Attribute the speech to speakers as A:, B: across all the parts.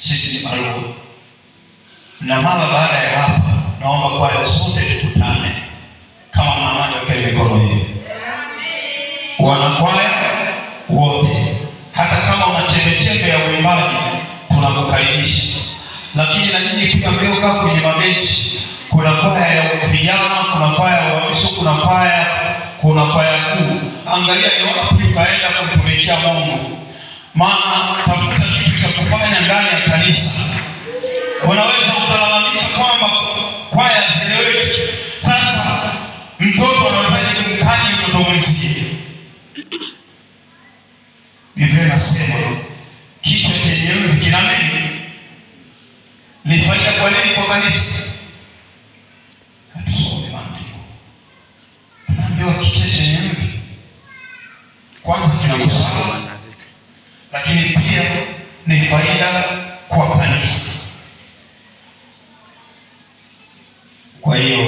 A: sisi ni Malulu. Na mara baada ya hapa, naomba kwaya sote tukutane kama mama, nyoosheni mikono yenu, wanakwaya wote, hata kama una chembechembe ya uimbaji tunakukaribisha, lakini na nyinyi pia mliokaa kwenye mabenchi, kuna kwaya ya vijana, kuna kwaya ya wamisu, kuna kwaya kuna kwaya kuu. Angalia, ni wapi kuikaenda kumtumikia Mungu, maana tafuta kanisa. Unaweza ukalalamika kwamba kwaya hazieleweki. Sasa mtoto anawezaje kumkaji mtoto mwenzie? Biblia inasema kichwa chenye mvi kina nini? Ni faida kwa nini kwa kanisa? Hatusome maandiko. Tunaambiwa kichwa chenye mvi kwanza kinakosa, lakini pia ni faida kwa kanisa. Kwa hiyo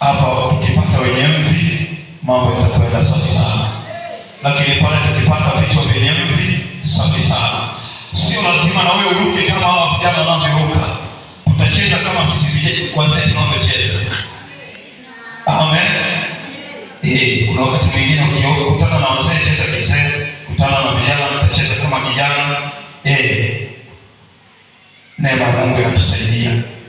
A: hapa tukipata wenye mvi mambo yatakwenda safi sana, lakini pale tukipata vichwa vyenye mvi safi sana. Sio lazima na wewe uruke kama hawa vijana wanavyoruka, Utacheza kama sisi vijana kwanza tunavyocheza. Amen. Eh, kuna wakati mwingine ukikutana na wazee, cheza kizee, kutana na vijana, cheza kama kijana eh Neema ya Mungu inatusaidia.